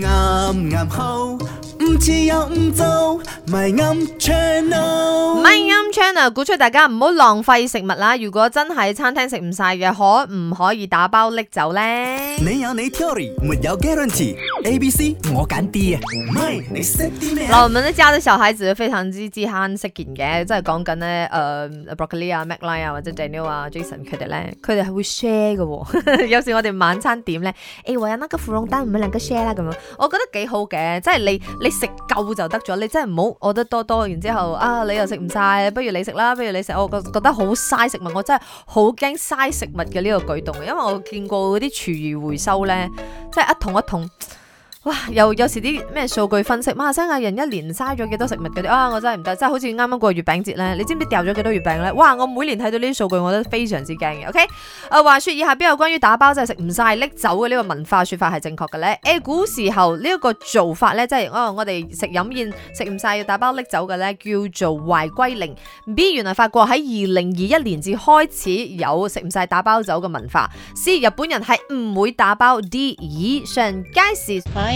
啱啱好，唔遲又唔早，咪啱 channel。歡迎啱 channel 鼓吹大家唔好浪費食物啦！如果真係餐廳食唔晒嘅，可唔可以打包拎走咧？你有你 theory，沒有 guarantee。A、B、C 我揀 D 啊！MY 你識啲咩？嗱，我們呢家的小孩子非常之之慳識件嘅，即係講緊咧，誒、呃、Broccoli 啊、Macline 啊或者 Daniel 啊、Jason 佢哋咧，佢哋係會 share 嘅、哦。 有時我哋晚餐點咧，誒、 欸，我有那個芙蓉蛋，唔係兩個 share 啦，咁樣，我覺得幾好嘅，即係你你食夠就得咗，你真係唔好餓得多多，然之後啊，你又食唔。但不如你食啦，不如你食，我覺覺得好嘥食物，我真係好驚嘥食物嘅呢個舉動，因為我見過嗰啲廚餘回收咧，即係一桶一桶。哇！又有，有時啲咩數據分析，馬來西亞人一年嘥咗幾多食物嗰啲啊！我真係唔得，真係好似啱啱過月餅節咧，你知唔知掉咗幾多月餅咧？哇！我每年睇到呢啲數據，我覺得非常之驚嘅。OK，誒、呃、話説以下邊有關於打包即係食唔晒拎走嘅呢個文化説法係正確嘅咧？誒、欸、古時候呢一個做法咧，即係哦，我哋食飲宴食唔晒要打包拎走嘅咧，叫做懷歸零。B 原來法國喺二零二一年至開始有食唔晒打包走嘅文化。C 日本人係唔會打包。D 以上皆是。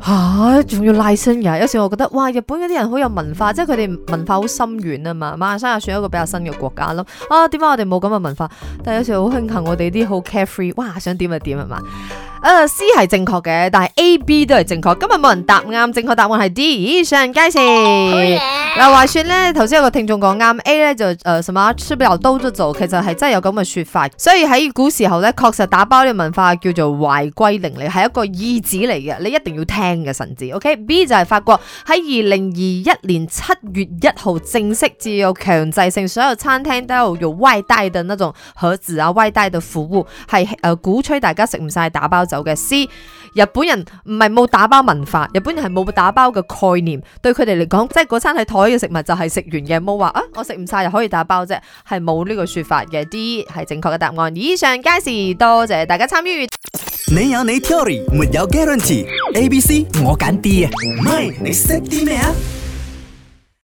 吓，仲要拉伸呀？有時我覺得，哇，日本嗰啲人好有文化，即係佢哋文化好深遠啊嘛。馬來西亞又算一個比較新嘅國家咯。啊，點解我哋冇咁嘅文化？但係有時好慶幸我哋啲好 carefree，哇，想點就點係嘛。誒，C 係正確嘅，但係 A、B 都係正確。今日冇人答啱，正確答案係 D。以上皆是。嗱，話説咧，頭先有個聽眾講啱，A 咧就、呃、什麼出邊又都都做，其實係真係有咁嘅說法。所以喺古時候咧，確實打包呢個文化叫做懷歸零，你係一個意旨嚟嘅，你一定要聽嘅神志。OK，B、okay? 就係法國喺二零二一年七月一號正式至有強制性所有餐廳都有用外帶的那種盒子啊，外帶的服務係、呃、鼓吹大家食唔晒打包走嘅。C 日本人唔係冇打包文化，日本人係冇打包嘅概念，對佢哋嚟講，即係嗰餐喺我嘅食物就係食完嘅，冇話啊，我食唔晒就可以打包啫，係冇呢個說法嘅，D 係正確嘅答案。以上皆是，多謝大家參與。你有你 theory，沒有 guarantee。A、B、C 我揀 D 啊，MY，你識啲咩啊？